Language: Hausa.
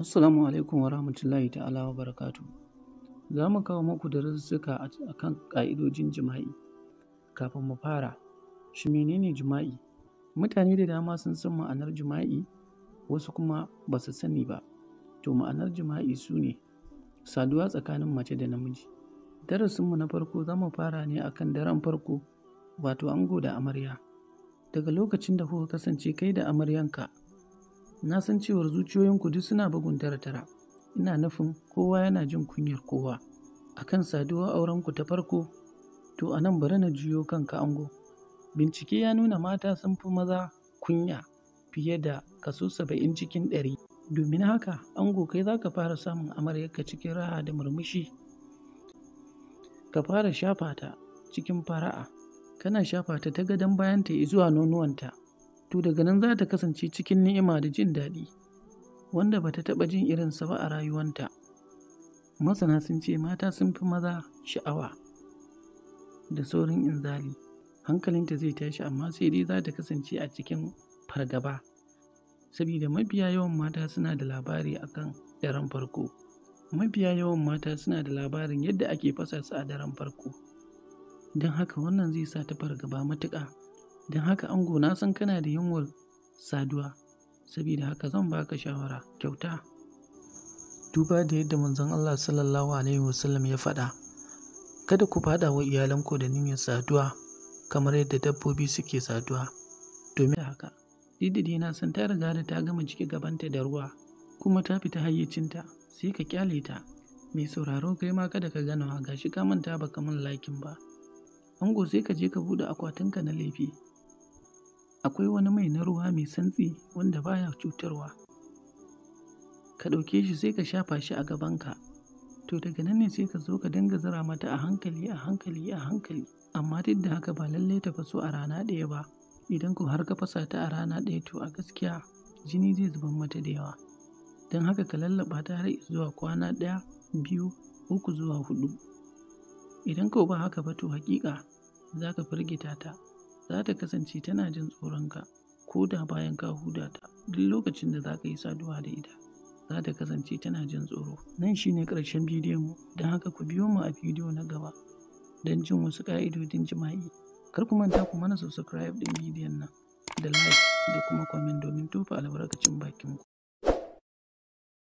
Assalamu alaikum wa rahmatullahi ta'ala wa barakatu. Za mu kawo muku darussuka a kan ƙa'idojin jima'i. Kafin mu fara, shi menene jima'i? Mutane da dama sun san ma'anar jima'i, wasu kuma ba su sani ba. To ma'anar jima'i su ne saduwa tsakanin mace da namiji. Darasinmu na farko za mu fara ne a kan daren farko, wato ango da amarya. Daga lokacin da kuka kasance kai da amaryanka na san cewar zuciyoyinku duk suna bugun tara tara ina nufin kowa yana jin kunyar kowa A kan saduwa aurenku ta farko to a nan bari na juyo kanka ango bincike ya nuna mata sun fi maza kunya fiye da kaso saba'in cikin ɗari domin haka ango kai za ka fara samun ka cikin raha da murmushi ka fara shafa ta cikin fara'a kana shafa ta ta gadon bayanta zuwa nonuwanta to daga nan za ta kasance cikin ni'ima da jin daɗi wanda ba ta taɓa jin irinsa ba a rayuwanta masana sun ce mata sun fi maza sha'awa da saurin inzali hankalinta zai tashi amma sai dai za ta kasance a cikin fargaba saboda mafiya yawan mata suna da labari akan daren farko mafiya yawan mata suna da labarin yadda ake fasa su a daren farko don haka wannan zai sa ta fargaba matuƙa Don haka ango na san kana da yunwar saduwa, saboda haka zan baka shawara kyauta. Duba da yadda manzon Allah Sallallahu Alaihi Wasallam ya faɗa, kada ku faɗa wa iyalanku da niyyar saduwa kamar yadda dabbobi suke saduwa. Domin haka, didi na san ta riga da ta gama ciki gabanta da ruwa, kuma ta fita hayyacinta, sai ka kyale ta. Mai sauraro kai ma kada ka ganawa gashi ka manta baka mun lakin ba. Ango sai ka je ka buɗe akwatinka na laifi Akwai wani mai na ruwa mai santsi wanda baya cutarwa. Ka ɗauke shi sai ka shafa shi a gabanka. To daga nan ne sai ka zo ka dinga zira mata a hankali, a hankali, a hankali. Amma duk da haka ba lallai ta faso a rana ɗaya ba. Idan ko har ka fasa ta a rana ɗaya to a gaskiya jini zai zuba mata da yawa. Don haka ka lallaɓa ta har zuwa kwana ɗaya, biyu, uku zuwa huɗu. Idan ko ba haka ba to haƙiƙa za ka firgita ta. za ta kasance tana jin tsoronka ko da bayan ka huda ta duk lokacin da za ka yi saduwa da ita za ta kasance tana jin tsoro nan shine karshen bidiyon mu don haka ku biyo mu a bidiyo na gaba don jin wasu ƙa'idodin jima'i kar ku manta ku mana subscribe din bidiyon nan da like da kuma comment domin tofa albarkacin bakin ku